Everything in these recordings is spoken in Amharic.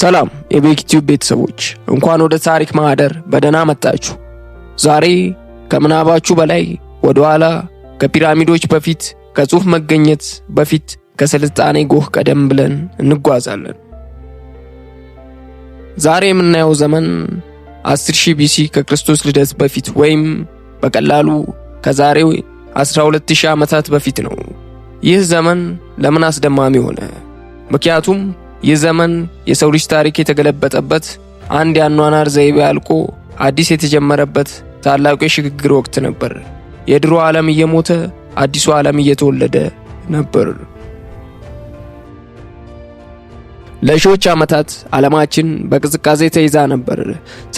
ሰላም የቤክቲ ቲዩብ ቤተሰቦች እንኳን ወደ ታሪክ ማህደር በደህና መጣችሁ። ዛሬ ከምናባችሁ በላይ ወደ ኋላ፣ ከፒራሚዶች በፊት፣ ከጽሑፍ መገኘት በፊት፣ ከስልጣኔ ጎህ ቀደም ብለን እንጓዛለን። ዛሬ የምናየው ዘመን 10000 ቢሲ ከክርስቶስ ልደት በፊት ወይም በቀላሉ ከዛሬው 12000 ዓመታት በፊት ነው። ይህ ዘመን ለምን አስደማሚ ሆነ? ምክንያቱም ይህ ዘመን የሰው ልጅ ታሪክ የተገለበጠበት አንድ የአኗኗር ዘይቤ አልቆ አዲስ የተጀመረበት ታላቁ የሽግግር ወቅት ነበር። የድሮ ዓለም እየሞተ አዲሱ ዓለም እየተወለደ ነበር። ለሺዎች ዓመታት ዓለማችን በቅዝቃዜ ተይዛ ነበር።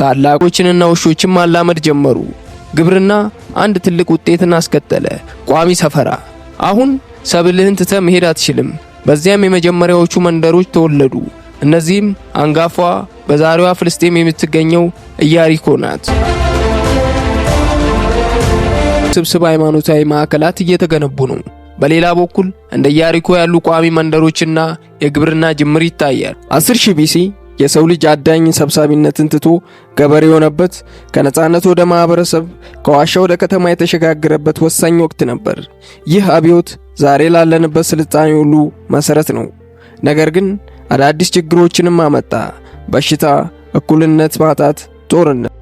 ታላቆችንና ውሾችን ማላመድ ጀመሩ። ግብርና አንድ ትልቅ ውጤትን አስከተለ፣ ቋሚ ሰፈራ። አሁን ሰብልህን ትተህ መሄድ አትችልም። በዚያም የመጀመሪያዎቹ መንደሮች ተወለዱ። እነዚህም አንጋፏ በዛሬዋ ፍልስጤም የምትገኘው ኢያሪኮ ናት። ስብስብ ሃይማኖታዊ ማዕከላት እየተገነቡ ነው። በሌላ በኩል እንደ ኢያሪኮ ያሉ ቋሚ መንደሮችና የግብርና ጅምር ይታያል። 10000 ቢሲ የሰው ልጅ አዳኝ ሰብሳቢነትን ትቶ ገበሬ የሆነበት ከነጻነት ወደ ማህበረሰብ ከዋሻ ወደ ከተማ የተሸጋገረበት ወሳኝ ወቅት ነበር። ይህ አብዮት ዛሬ ላለንበት ስልጣኔ ሁሉ መሰረት ነው። ነገር ግን አዳዲስ ችግሮችንም አመጣ። በሽታ፣ እኩልነት ማጣት፣ ጦርነት።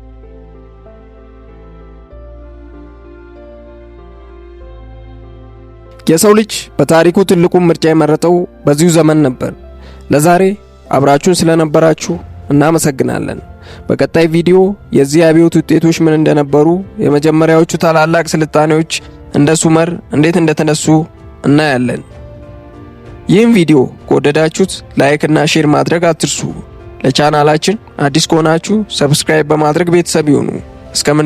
የሰው ልጅ በታሪኩ ትልቁን ምርጫ የመረጠው በዚሁ ዘመን ነበር። ለዛሬ አብራችሁን ስለነበራችሁ እናመሰግናለን። በቀጣይ ቪዲዮ የዚህ አብዮት ውጤቶች ምን እንደነበሩ፣ የመጀመሪያዎቹ ታላላቅ ስልጣኔዎች እንደ ሱመር እንዴት እንደተነሱ እናያለን። ይህም ቪዲዮ ከወደዳችሁት ላይክ እና ሼር ማድረግ አትርሱ። ለቻናላችን አዲስ ከሆናችሁ ሰብስክራይብ በማድረግ ቤተሰብ ይሁኑ። እስከምን